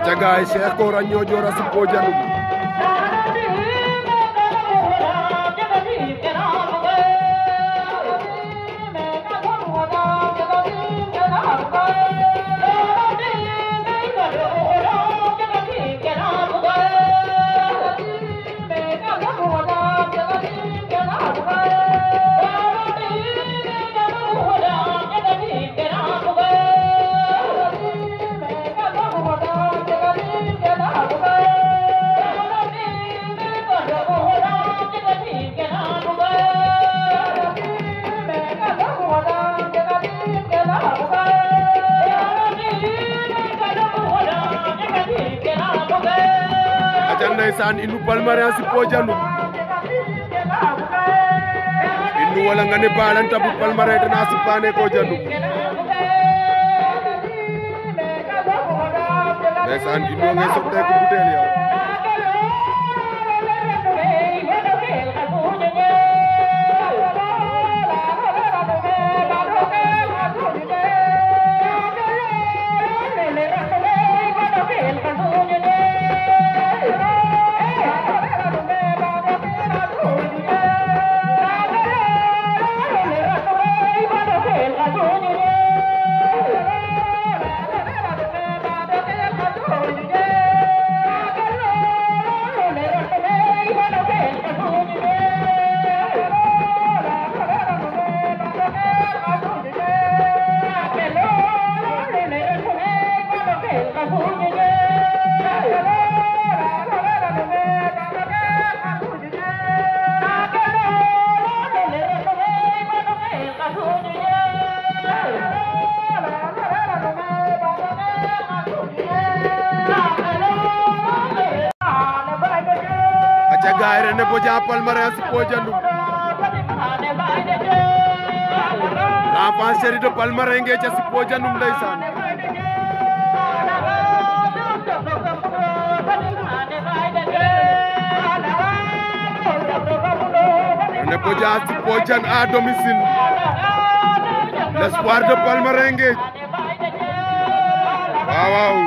aca gaay Cheikh Kora Niodior a sipoo janum ndeysaan indu palmarin si poojandu indu wala nga ne baalanta bu palmarin tena si paane ko jandu ndeysaan indu ngay sottee Palmarin nge ca sippoo janum ndeysaan ne Bodia sippoo jan à domicile l'espoir de Palmarin nge waaw waaw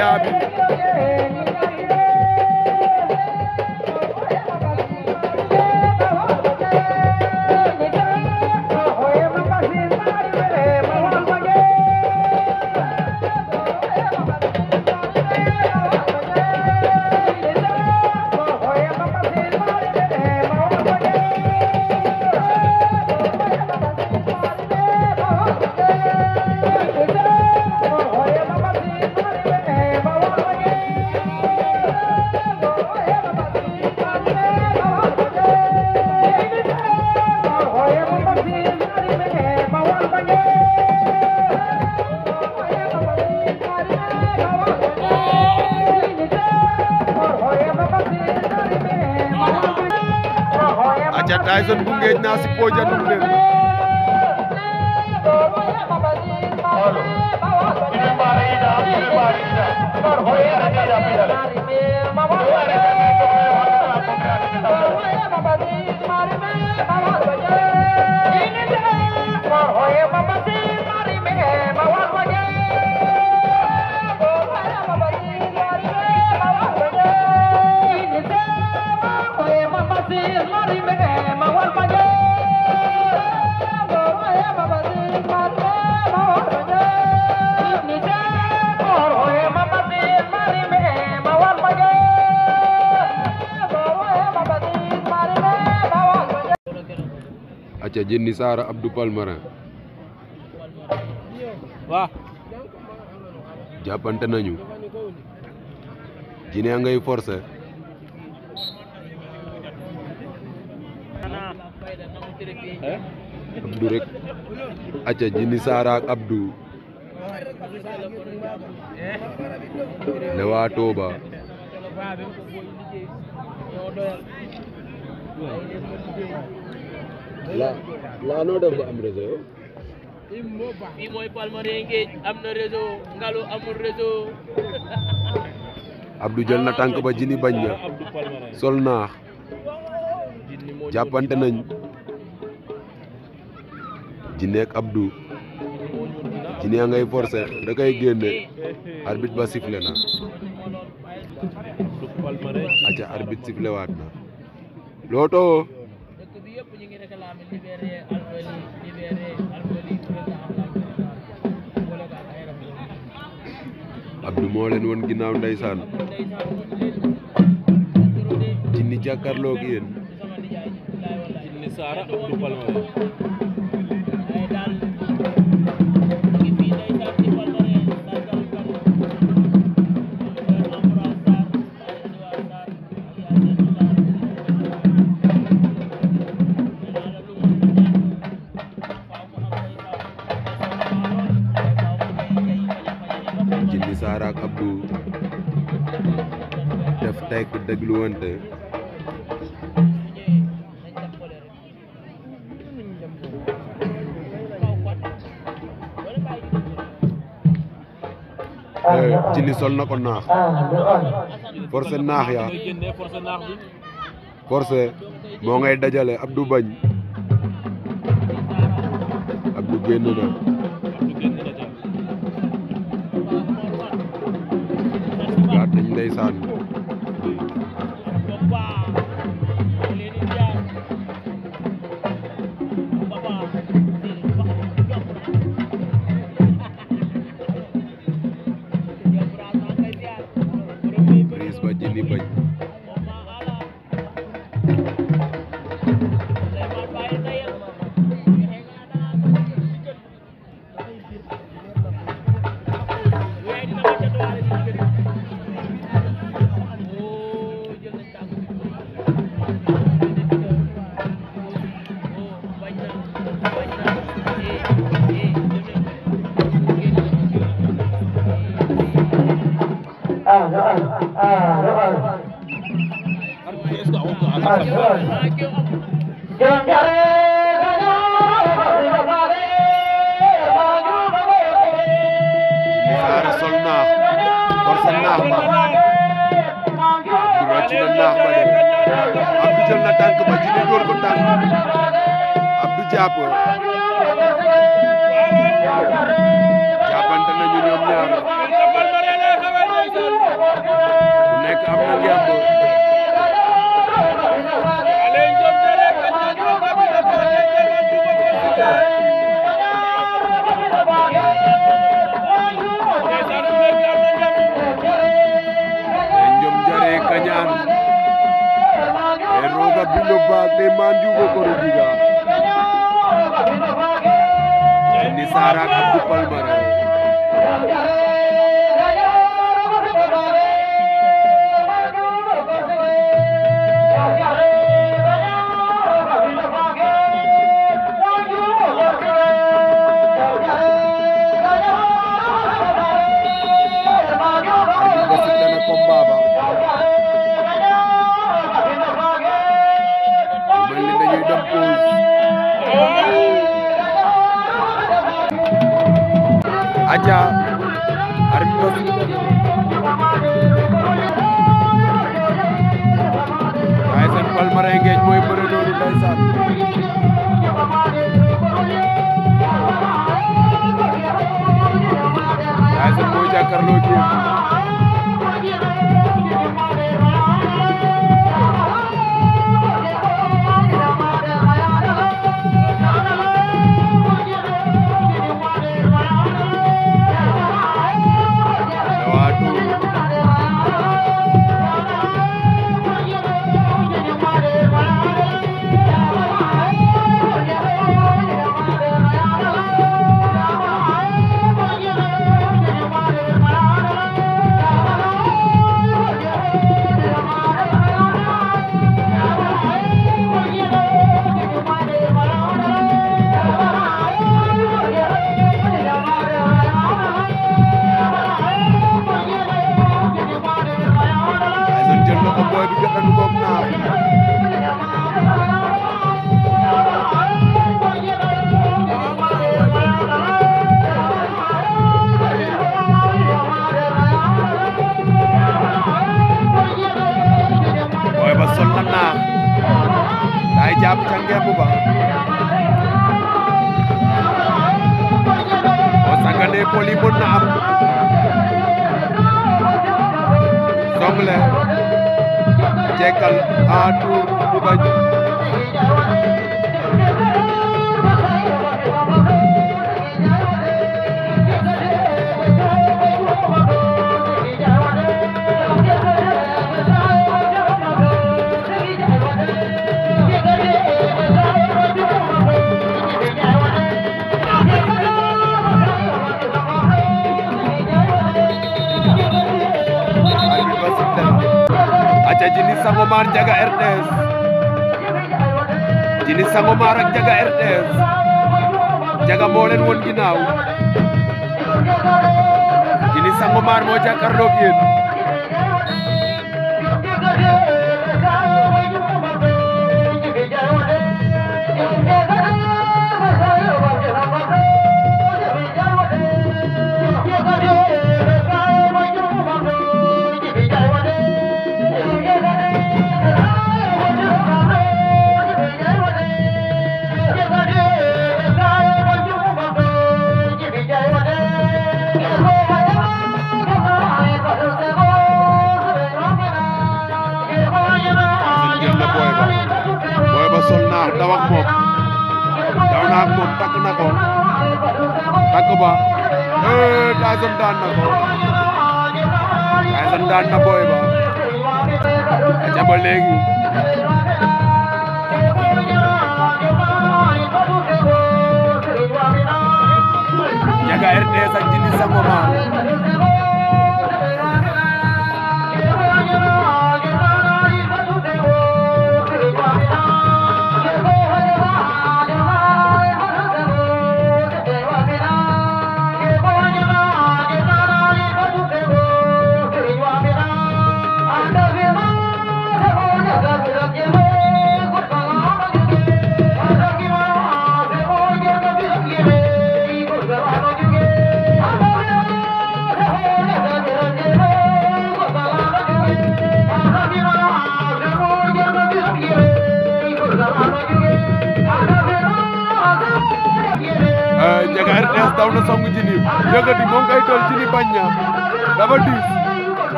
Jahren Tyson gunge naa si poojanum leen Mama, Jenni Saara ab Palmarin waaw jàppante nañu Jine ngay forcé Abdou rek acca Jini Saara ak Abdou lewa Tooba la la noo def mooy Palmarin Géej am na réseau Ngalo amul réseau. Abdou jël na tànk ba jini bañ na sol naax jàppante nañ jinne ak Abdou jinne a ngay forcer da koy génne arbitre ba sifflé na aca arbitre sifflé na looto Abdou moo leen woon ginnaaw ndeysaan jinni jàkkaarloo ak yéen li sol naax ya forcé moo ngay dajale Abdou bañ Abdou génn na Sangomar Ndiaga RTS Jini Sangomar ak Ndiaga RTS Ndiaga moo leen woon ginnaaw moo jàkkaarloo ak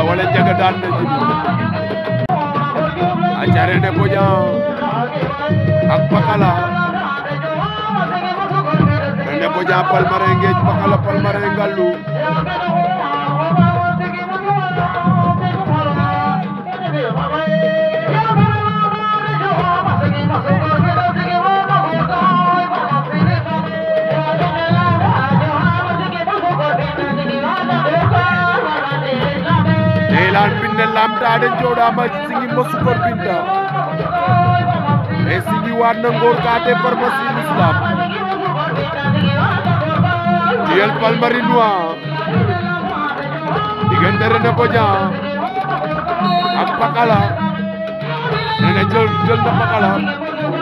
वाले जगदान आचार्य ने पूजा हक पकाला पूजा पल मरेंगे पकाला पल मरेंगे Gallu Binta dañ jooɗaama si ngi ma Super Binta mais si ngi waat na ngóor kaate pharmacie l'islam diyel Palmarinois diggante René Bodian ak Pakala René jël jël na Pakala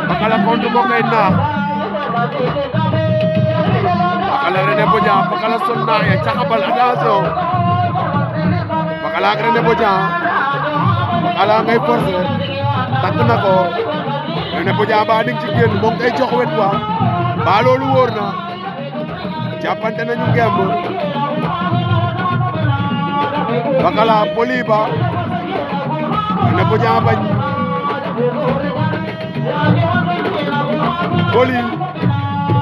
Pakala kontu ko kay naax Pakala René Bodian Pakala son ya caxabal attention Pakala ak René Bodian ala ngay forcé takk na ko ba andi ci génn moo ngi koy wet wa ba loolu wóor na jàppante nañu ngemb Pakala ba nee na Bodian bañ poli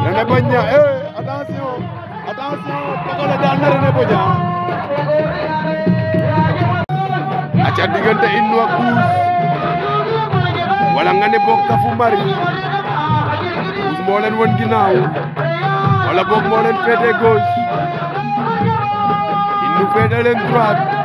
nee na bañ ña eh attention attention Pakala daal na René Bodian aca diggante Inno ak wala nga ne boog Kafu Mari us mo len won ginaaw wala bok mo len pete gauche Inno pete len droite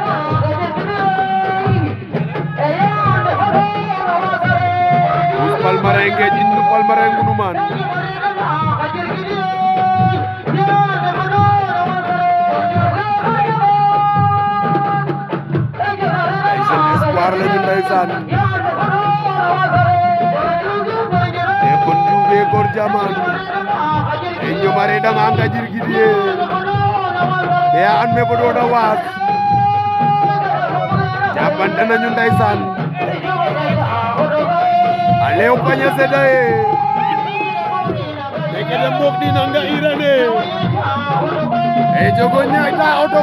ndeysaan ya e ɓe gor jamanu e ñomareɗam anda jirguiɗi e e ya anme bo ɗoɗa waas jabanɗanañu ndaysan aleo paña seeda e ekede nangga irane e eh. eh, jogo ñayta oto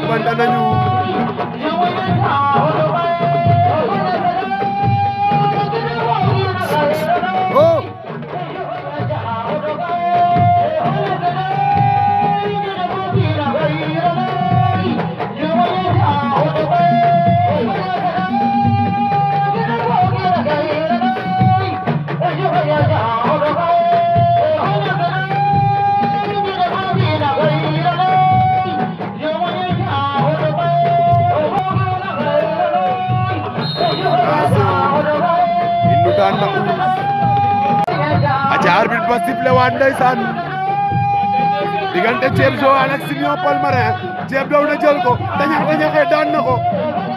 jàppante nañu Bastille waa ndeysaan diggante Thieb Joe ak Simon Palmarin Thieb daw na jël ko dañax dañaxee daan na ko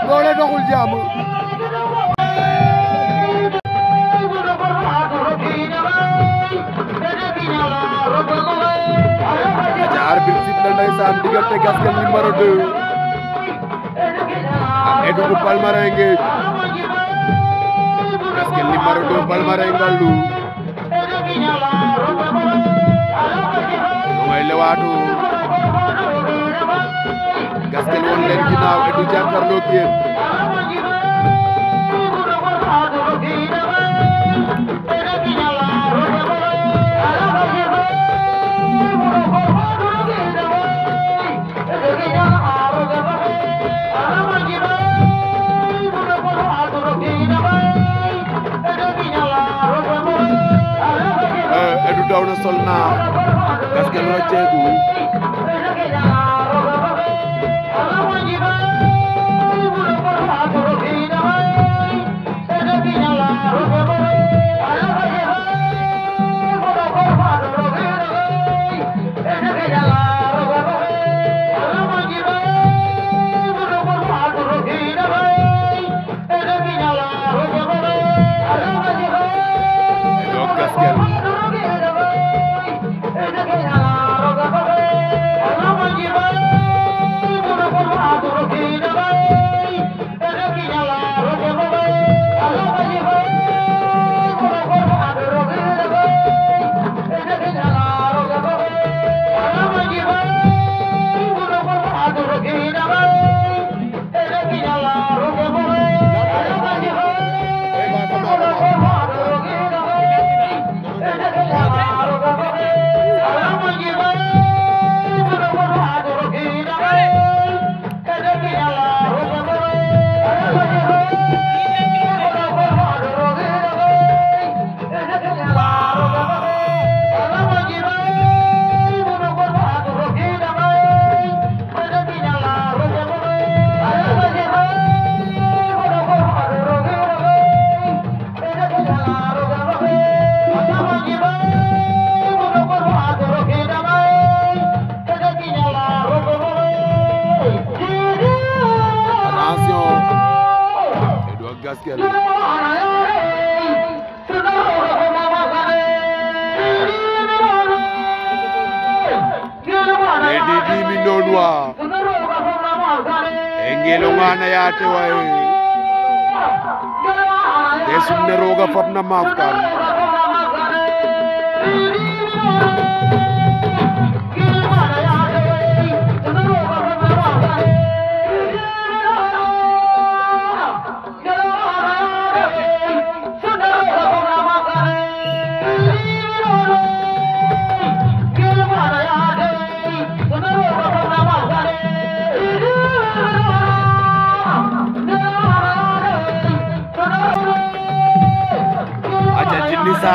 doole doxul jaamu ñaar bi sifflé ndeysaan diggante Gaskel numéro 2 ak Edouard Palmarin Gueye Gaskel numéro 2 Palmarin Ngalou lewaatu Gaskel won leen ginnaaw Edu jàkkaarloo ak yéen Edu euh, daw na sol naa Welcome, Roger.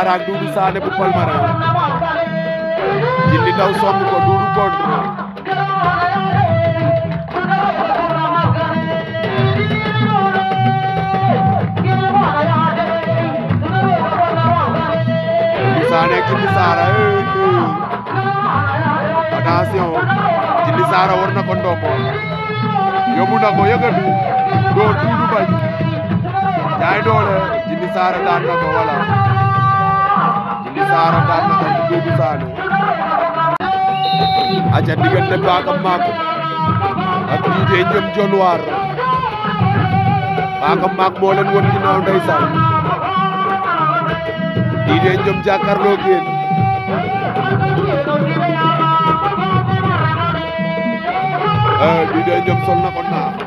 Diarra ak Doudou Sané bu Palmarin Djily Ndaw song ko Doudou contre Sané ak Djily Saara attention Djily Saara war na ko ndombo yóbbu na ko yëgatu doo Doudou bañ jaay doole Djily Saara daan na ko wala Saara daan na sant Doudou Sané aca diggante Baka ak Djidé Jëm Jonwaar Baka Maak moo leen won ginnaaw ndeysaan Djidé Jëm jàkkaarloo géen eh, Djidé Jëm sol na ko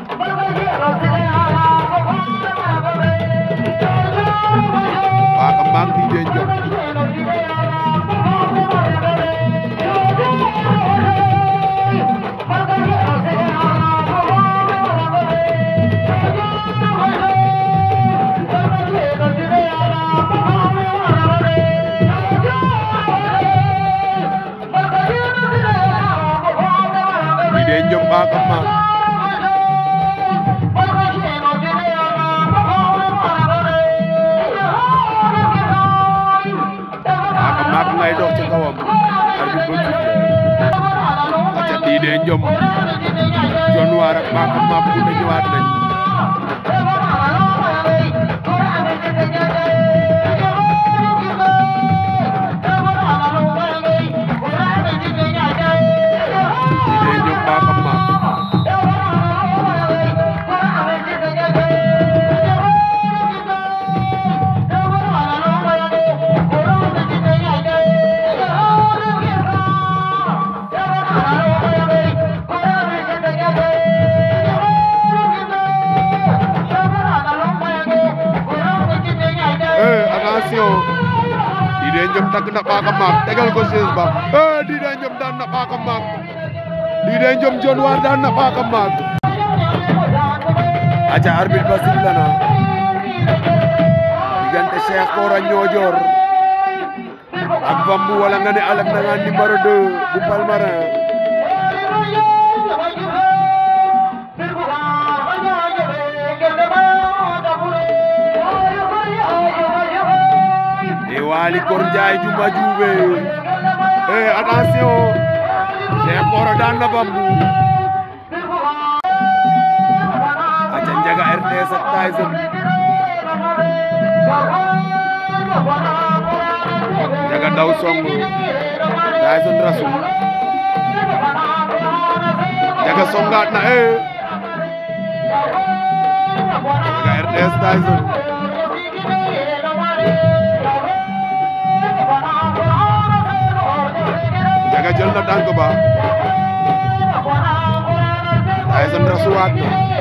Mar daan na Pakam Maag aca arbitre ba nga ne e Kor Ndiaye eh, daan na Bambou Eh. Tyson Ndiaga daw song Tyson rasu Ndiaga songaat na ee Ndiaga RTS Tyson Ndiaga jël na tànk ba Tyson rasuwaat na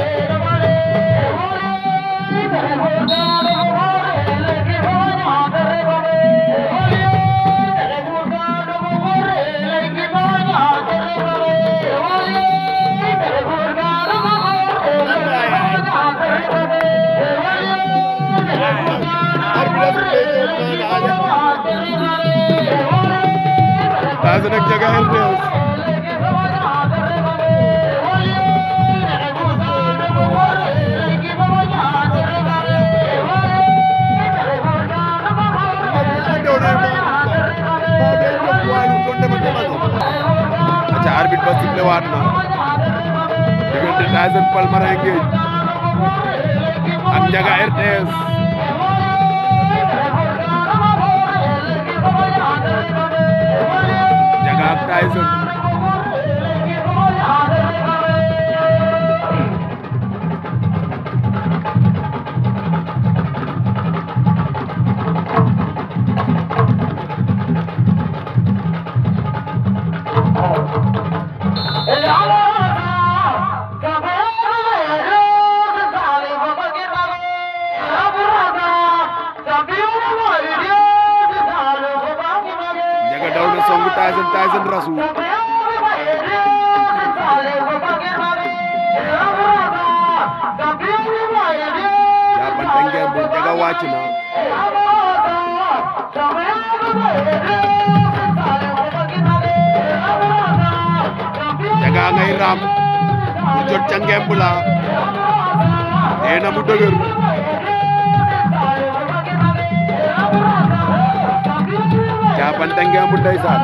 Tyson Palmer again. géej ak Ndiaga RTS Tyson jaga raam mu jot ca ngemb mu dëgër jaabante ngemb ndeysaan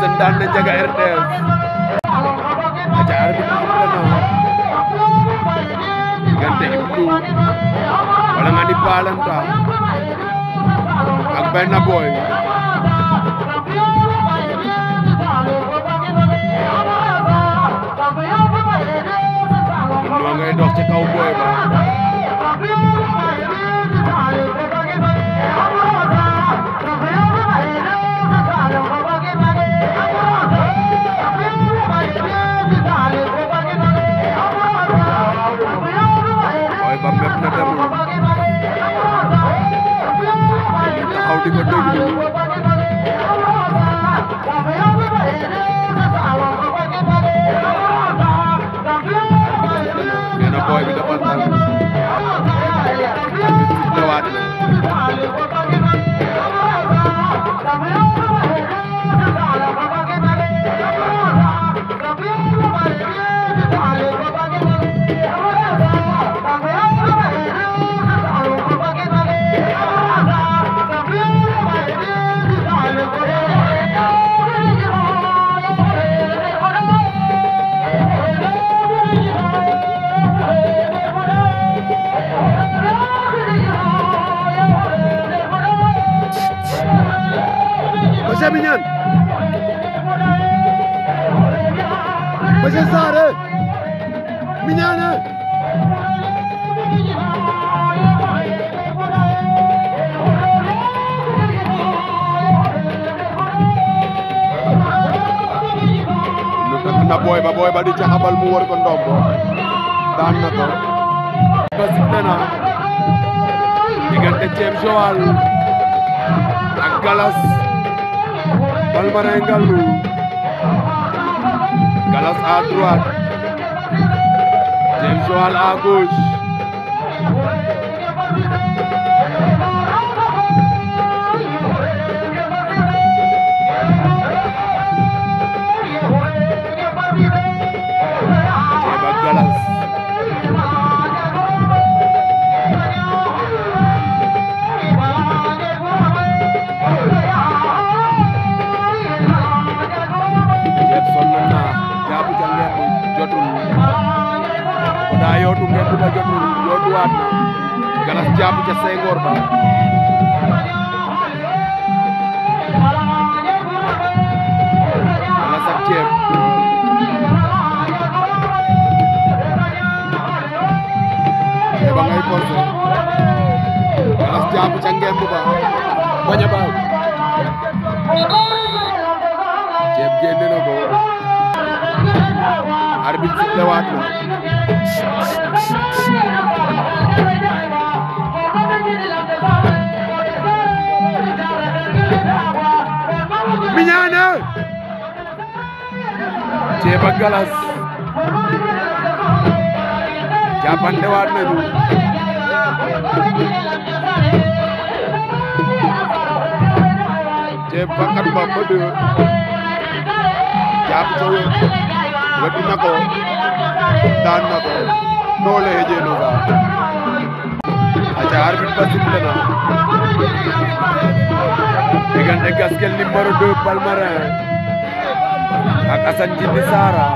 Assane daan na Ndiaga RTS aca arbitre bi sifflé na diggante Ibou wala nga di Paalanta ak benn boy maa ngay dox ci kaw booy Djambi Niane Monsieur Sarr na booy ba booy ba di caxabal mu war ko ndombo daan na ko ba sifflé na diggante Ceem Joal ak Galas Palmarin e Galgou Galas à droite James Joal à gauche 2 jàpp ca wér wëdd na ko daan na ko doole jeeno ba aca arbitre ba sifflé na diggante Gaskel numéro 2 Palmarin ak Assane Djindi Sara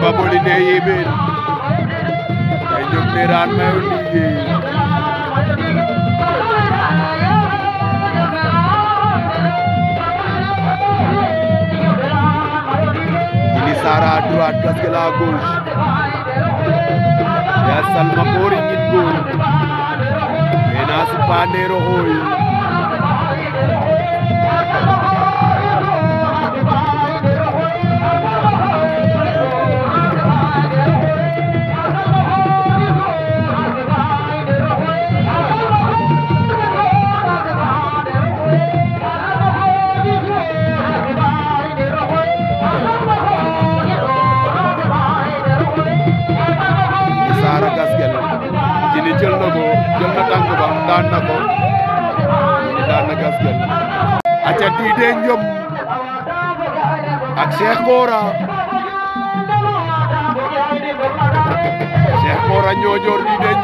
baboli ne yiɓen e jomɗiran mayo liggey ini sara à droite gaske la gauche ya salma kori ñin gor ena sipandero hoy Duy Njom ak Cheikh Gora Cheikh Gora ñoo joor Duy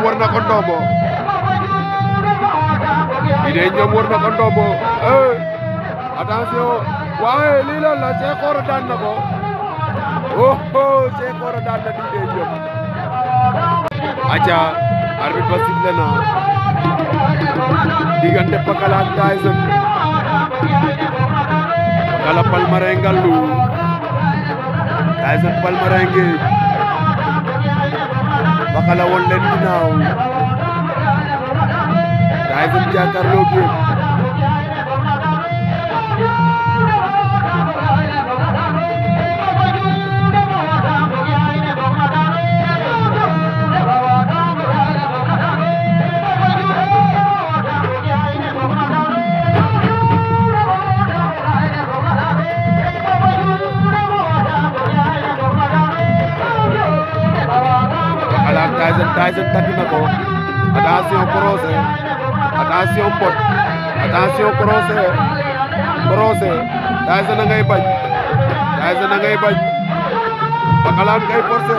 ñoom war na ko ndombo bi de ñoom war na ko ndombo eh attention waaye lii lan la Cheikh Koro daan na ko oh oh Cheikh Koro daan na di de ñoom acca arbitre ba sifflé na diggante Pakala ak Tyson Pakala Palmarin Ngallu Tyson Palmarin Ngeej Pakala woon leen ginnaaw Tyson jàkkaarloo ak yéen Tyson dagg na ko attention croisé attention pot attention croisé croisé Tyson na ngay bañ Tyson na ngay bañ Pakala ngay forcé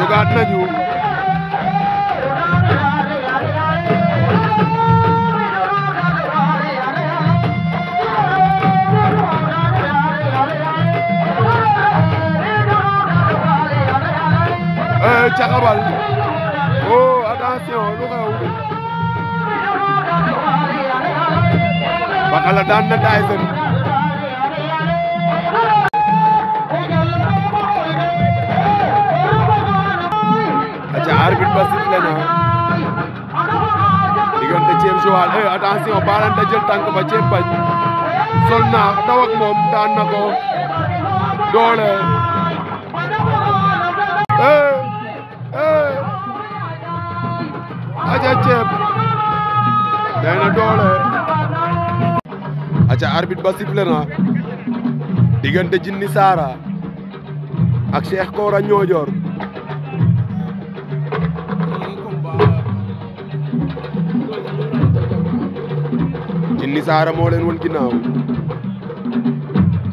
jogaat nañu la daan aca arbitre ba sifflé na diggante Thieb Joal eh attention Balane da jël tànk ba Thieb bañ sol na daw ak moom daan ko doole ca arbitre ba sifflé na diggante Djily Sarr ak Cheikh Kora Niodior Djily Sarr moo leen won ginnaaw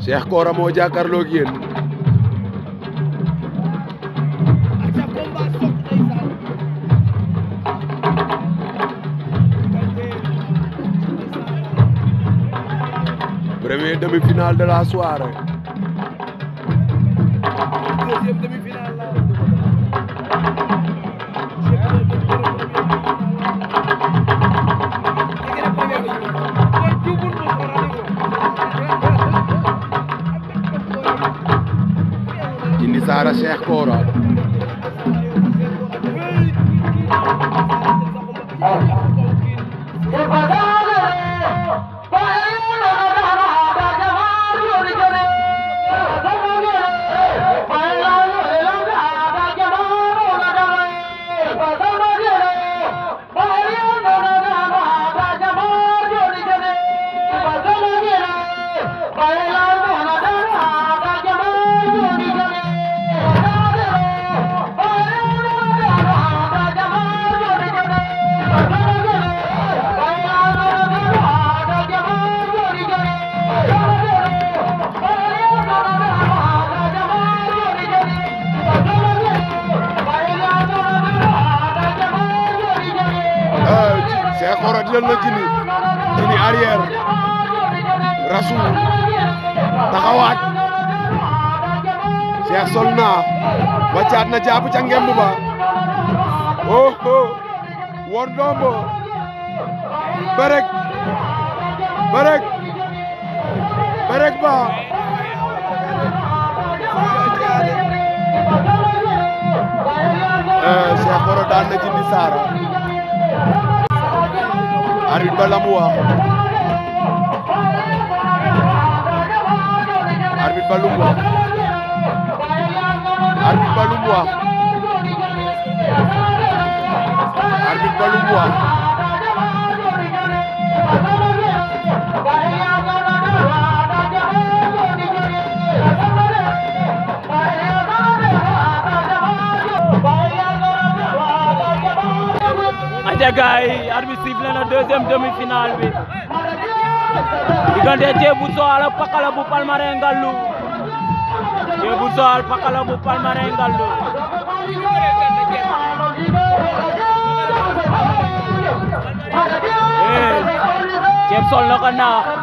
Cheikh moo jàkkaarloo ak première demi-finale de la soirée. Deuxième demi-finale là. Jindi Saara Cheikh Kora Cheikh sol na wàccaat na jaabu ca ngemb ba oh oh berek berek berek ba eh Cheikh Boro daan na ci Saara arit ba la mu arbit ba lu arbitre ba lu mu wax arbitre ba lu mu wax bi diggante Thié bu Soow ak Pakala bu Palmarin Ngallu Ceebu Joal Pakalamu Palmarin Ngallu Ceeb sol na ko naax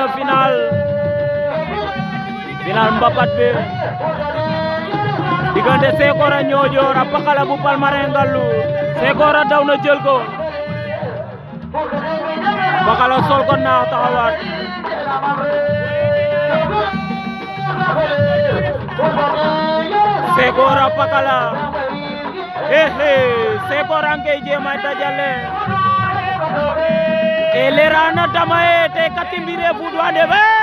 na final final mbapat bi diggante Sekoor a Ñoojoor a Pakala bu Palmarin Ngallu Sekoor a daw na jël ko Pakala sol ko na taxawaat Sekoor a Pakala eh eh Sekoor a ngay jéem a dajale ele rana tamae te katimbire budwa debe